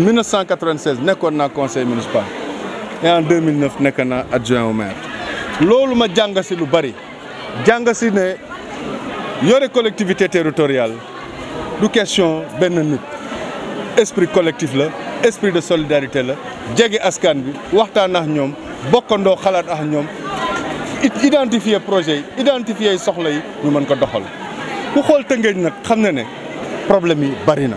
1996 nekkoon naa conseil municipal et en 2009 nekk naa adjoint au maire Ce ma jangasi, si lu bari jàng si ne yore collectivité territoriale du question ben nit esprit collectif la esprit de solidarité la djegi askan bi waxtaan ak ñoom bokkandoo xalaat ak identifier projet identifier soxla yi ñu mën ko doxal ku xool Tëngéej nag xam na ne problème yi bari na.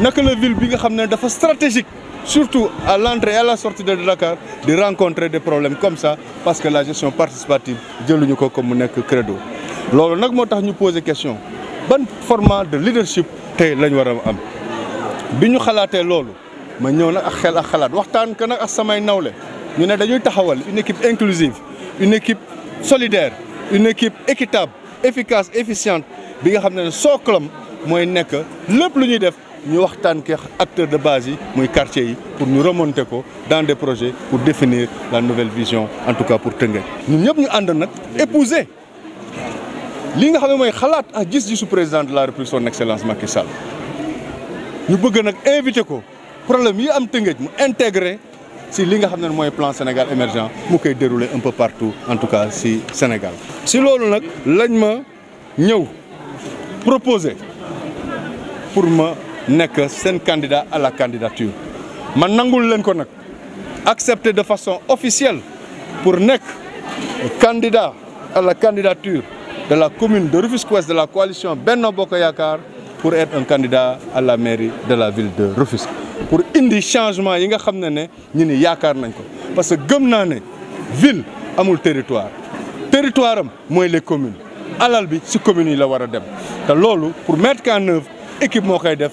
naka la ville bi stratégique surtout à l'entrée et à la sortie de Dakar de rencontrer des problèmes comme ça parce que la gestion participative Nous ko comme mu credo nous ñu question ban format de leadership tay lañ wara am une équipe inclusive une équipe solidaire une équipe équitable efficace efficiente bi nga xamné soklam nous avons des acteurs de base yi quartier pour nous remonter dans des projets pour définir la nouvelle vision en tout cas pour Tëngéej Nous sommes ñu épousés. Ce épouser li nga président de la république son excellence Macky Sall Nous bëgg nag problèmes ko problème yi am intégré si li nga xam plan Sénégal émergent mu se dérouler un peu partout en tout cas si Sénégal si loolu nag lañ ma proposer pour moi que un candidat à la candidature man nangul len ko accepté de façon officielle pour nek candidat à la candidature de la commune de Rufisque-Ouest de la coalition Benno Bokk Yakar pour être un candidat à la mairie de la ville de Rufisque pour indi changement yi nga xamné né ne ñu ni yaakaar nañ ko parce que gëm ville né ville amul territoire territoire moy les communes alal bi ci communes yi la wara dem té pour mettre en œuvre équipe moo koy def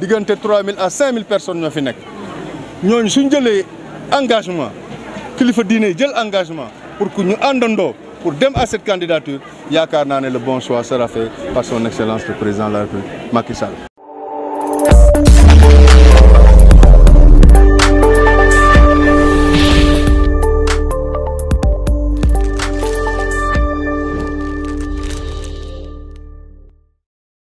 3 3000 à 000 personnes ont fait ça. Nous avons un engagement kilifa jël engagement pour que ñu àndandoo pour dem à cette candidature yaakaar naa le bon choix sera fait par son excellence le président de la République Macky Sall.